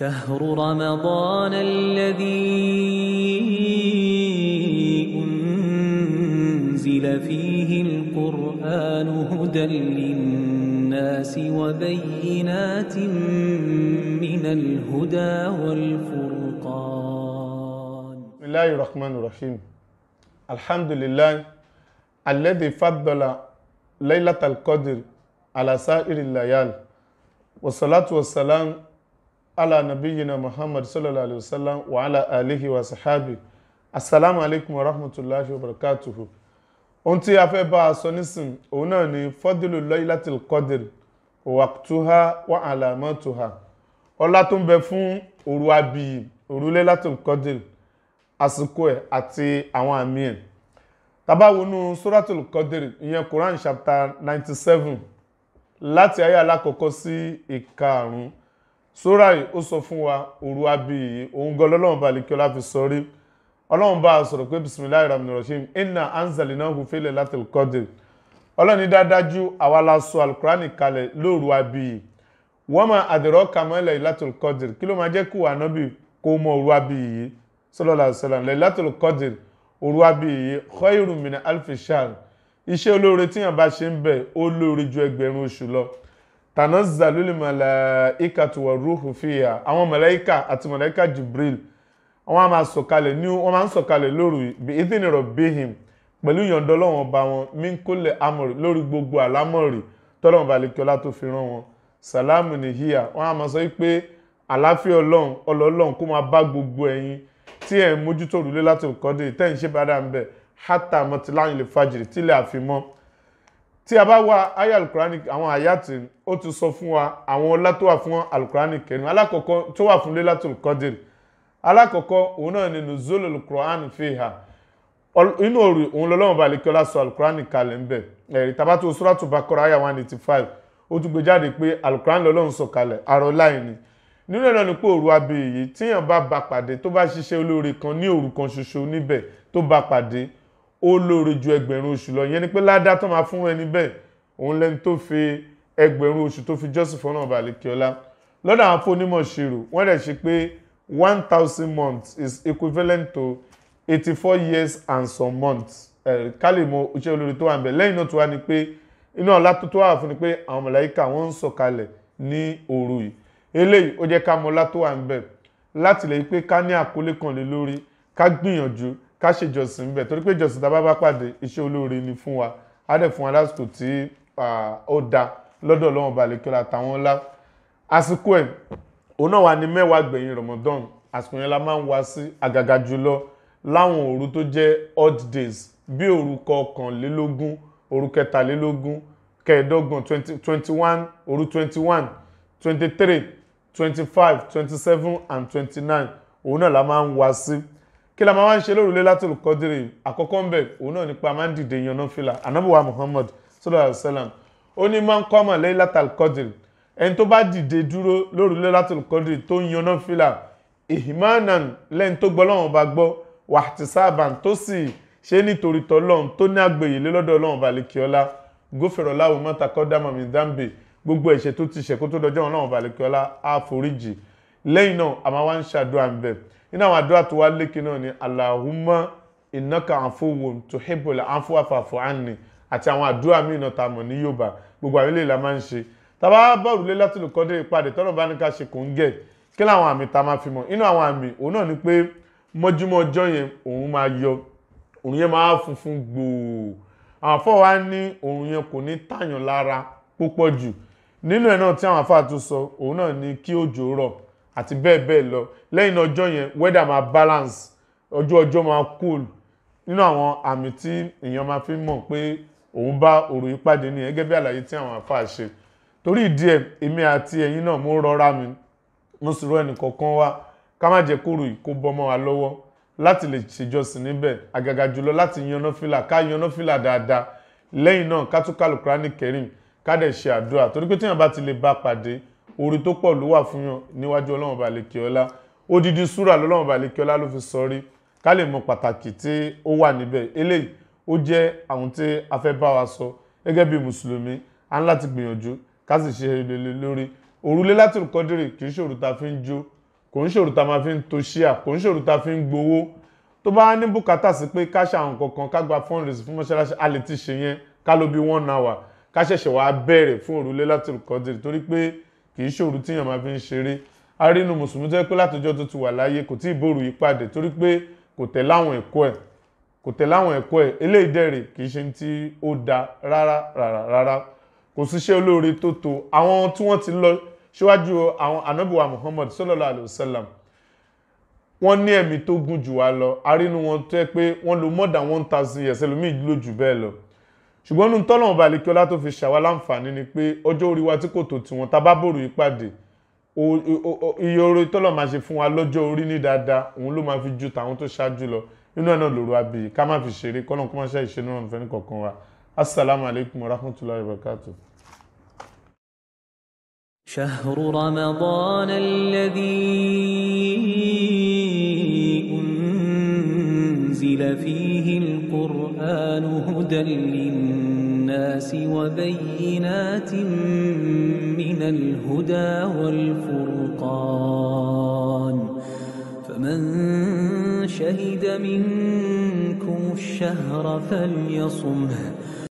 شهر رمضان الذي أنزل فيه القرآن هدى للناس وبينات من الهدى والفرقان بسم الله الرحمن الرحيم الحمد لله الذي فضل ليلة القدر على سائر الليالي والصلاة والسلام ala nabiyyina muhammad sallallahu alaihi wasallam wa ala alihi wa sahabi assalamu alaikum wa rahmatullahi wa barakatuhu ohun tí a fẹ́ bá a sọ nísìn òun náà ni fọ́dúlù lailatul qadr wàkútúhá wa àlàmọ́túhá ọlá tó ń bẹ fún òru abiyì òru lailatul qadr àsìkò ẹ̀ àti àwọn àmì ẹ̀ tabawonu suratul qadr ìyẹn quran chapter ninety seven láti ayé alákọ̀ọ́kọ́ sí ìkarùn sóra yìí ó sọ fún wa òru abì yìí òun gan lọ́lọ́run bá lèkí ọlá fi sọrí ọlọ́run bá a sọ̀rọ̀ pé bisimilayi rahman rahim inna anzali náà kò fẹ́lẹ̀ láti kọ́dé ọlọ́run ní dáadájú àwa la sọ alukurani kalẹ̀ lóru abì yìí wọ́n máa àdìrọ́ kàmọ́lẹ̀ láti kọ́dé kí ló máa jẹ́ kí wà nábì kó mọ òru abì yìí sọlọ́lá sọlá láti kọ́dé òru abì yìí khairun min alfi shahr iṣẹ́ olóore tíyàn ṣe ń bẹ̀ ó lóore ju ẹgbẹ̀rún oṣù lọ tanazzalul malaikatu waruhu fiha àwọn màláíkà àti màláíkà Jibril wọ́n máa sọ̀kalẹ̀ ní wọ́n máa ń sọ̀kalẹ̀ lóru bí idhni rabbihim pẹ̀lú ìyọ̀ǹda Ọlọ́run ọba wọn min kulli amri lórí gbogbo àlámọ̀rì tọ́lọ́run balẹ̀kíọ́lá tó fi rán wọn sàlámù nìyíà wọ́n á máa sọ pé àláfíà Ọlọ́run ọlọ́ọ̀lọ́run kó máa bá gbogbo ẹ̀yin tí ẹ̀ ń mójútó òrùlé láti òkọ́dé tẹ́ ń ṣe bá dáa ń bẹ̀ hátà mọ́tìláyìn lè fàjìrì tílẹ̀ tí a bá wá aya alukurani àwọn àyàtì ó ti sọ fún wa àwọn ọlá tó wà fún alukurani kẹrin alákọ̀ọ́kọ́ tó wà fún lailatul qadr alákọ̀ọ́kọ́ òun náà ni nuzulul quran fiha inú òru òun lọ́lọ́run bá lè kí ọlá sọ alukurani kalẹ̀ ń bẹ̀ ẹ̀rí tàbá tó suratu bakora aya one eighty five ó tún gbé jáde pé alukurani lọ́lọ́run sọ kalẹ̀ àrọ̀ láì ni nínú ẹ̀rọ ni pé òru abẹ́yẹ tíyàn bá bá pàdé tó bá ṣiṣẹ́ olóore kan ní òru kan ṣoṣo níbẹ̀ tó bá pàdé ó lóore ju ẹgbẹ̀rún oṣù lọ yẹn ni pé ládá tó máa fún ẹni bẹ́ẹ̀ òun lẹ́ni tó fi ẹgbẹ̀rún oṣù tó fi jọ́sìn fọ́nà ọba àlekíọ́lá lọ́dọ̀ àwọn fónímọ̀ ṣèrò wọ́n rẹ̀ ṣe pé one thousand months is equivalent to eighty four years and some months ká lè mọ iṣẹ́ olóore tó wà ń bẹ̀ lẹ́yìn náà tó wá ni pé iná ọ̀la tó tó wà fún ni pé àwọn mọ̀láyíkà wọ́n ń sọ̀kalẹ̀ ní òru yìí eléyìí ó jẹ́ ká mọ ọlá tó wà ń bẹ̀ láti pé ká ní àkólé kan lé lórí ká gbìyànjú ká ṣe ìjọsìn níbẹ̀ torí pé ìjọsìn tá a bá bá pàdé iṣẹ́ olóore ni fún wa á dẹ̀ fún wa lásìkò tí ó da lọ́dọ̀ ọlọ́run balẹ̀ táwọn ńlá àsìkò ẹ̀ òun náà wà ní mẹ́wàá gbẹ̀yìn Ramadan àsìkò yẹn la máa ń wá sí àgàgà jùlọ láwọn òru tó jẹ́ odd days bí òru kọkànlélógún òru kẹtàlélógún kẹẹ̀ẹ́dọ́gbọ̀n twenty one òru twenty one twenty three twenty five twenty seven and twenty nine òun náà la máa ń wá sí. Si kí la máa wá ń ṣe lóru Laylatul Qadri àkọ́kọ́ ń bẹ̀ òun náà nípa máa ń dìde yan náfìlà anábùwà Muhammad sallallahu alayhi wa sallam ó ní máa ń kọ́mọ̀ Laylatul Qadri ẹni tó bá dìde dúró lóru Laylatul Qadri tó ń yan náfìlà ihmanan lẹ́ni tó gbọ́ lọ́wọ́n bá gbọ́ wahtisaban tó sì ṣe nítorí tọ́lọ́run tó ní àgbèyè lé lọ́dọ̀ Ọlọ́run balẹ̀kíọ́lá gófèrè ọláwọ̀ nínú àwọn àdúrà tó wá lékè náà ni Allahumma innaka afuwwun tuhibbul afwa fa'fu anni àti àwọn àdúrà míì náà ta mọ̀ ní Yorùbá gbogbo àwọn eléyìí la máa ń ṣe tàbá bọ́ọ̀lù lé látìlú kọ́dé ìpàdé tọ́nà bá ní ká ṣe kò ń gẹ̀ kí làwọn àmì ta máa fi mọ̀ inú àwọn àmì òun náà ni pé mọ́júmọ́ ọjọ́ yẹn òun máa yọ òun yẹn máa funfun gbòò àwọn afọ ní òun yẹn kò ní tàyàn lára púpọ̀ jù nínú ẹ̀ náà tí àwọn afọ àtúnṣọ òun náà ni kí òjò rọ̀ àti bẹ́ẹ̀ bẹ́ẹ̀ lọ lẹ́yìn ọjọ́ yẹn weather máa balance ọjọ́ ọjọ́ ma cool nínú àwọn àmì tí èèyàn máa fi mọ̀ pé òun bá òrò yìí pàdé ní gẹ́gẹ́ bí àlàyé tí àwọn àfáà ṣe torí ìdí ẹ̀ èmi àti ẹ̀yin náà mo rọra mi mo sì rọ ẹnìkọ̀ọ̀kan wá ká má jẹ́ kóró yìí kó wa lọ́wọ́ láti lè ṣèjọsìn níbẹ̀ àgàgà jùlọ láti yanná fìlà ká yanná fìlà dáadáa lẹ́yìn náà ká tún kálukúránì kẹrin ká dẹ̀ ṣe àdúrà torí pé téèyàn bá ti lè bá pàdé orí tó pọ̀ ló wà fún yàn níwájú ọlọ́run balẹ̀kẹ́ ọlá odidi súrà lọ́lọ́run balẹ̀kẹ́ ọlá ló fi sọrí ká lè mọ pàtàkì tí ó wà níbẹ̀ eléyìí ó jẹ́ àwọn tí a fẹ́ bá wa sọ gẹ́gẹ́ bí mùsùlùmí a ń láti gbìyànjú ká sì ṣe rere lórí òrùlé láti kọ́dìrì kì í ṣòro ta fi ń jó kò ń ṣòro ta máa fi ń to ṣíà kò ń ṣòro ta fi ń gbowó tó bá ní bùkátà sí pé ká ṣàwọn kankan ká gba fundraise fún mọ́ṣáláṣí a lè ti ṣe yẹn ká ló bí one hour ká ṣẹ̀ṣẹ̀ wá bẹ̀rẹ̀ fún òrùlé láti kọ́dìrì torí pé kì í ṣòru tíyàn máa fi ń ṣeré arínú mùsùlùmí jẹ́ pé látọjọ́ tó ti wà láyé kò tí ì bòrò yìí pàdé torí pé kò tẹ̀ láwọn ẹ̀kọ́ ẹ̀ kò tẹ̀ láwọn ẹ̀kọ́ ẹ̀ eléyìí dẹ̀rẹ̀ kì í ṣe tí ó da rárá rárá rárá kò síṣẹ́ olóore tó tó àwọn tí wọ́n ti lọ síwájú àwọn anábìwá Muhammad sallallahu alayhi wa sallam wọ́n ní ẹ̀mí tó gùn jù wá lọ arínú wọn tẹ́ pé wọ́n lo more than one thousand years ẹlòmíì lò bẹ́ẹ̀ lọ ṣùgbọ́n nínú tọ́lọ́wọ́n bá lè tó fi ṣàwá láǹfààní ni pé ọjọ́ orí wa tí kò tó tiwọn tá bá bòrò ìpàdé iye oore tọ́lọ̀ máa ṣe fún wa lọ́jọ́ orí ní dáadáa òun ló máa fi ju tàwọn tó ṣáájú lọ nínú ẹ̀ lòrò abì ká má fi ṣeré kọ́nà kó má ṣe ìṣẹ́nu ọ̀nà fẹ́ni kọ̀ọ̀kan wa assalamu alaikum warahmatullahi wabarakatuh. شهر رمضان الذي أنزل فيه القرآن هدى للناس وبينات من الهدى والفرقان فمن شهد منكم الشهر فليصمه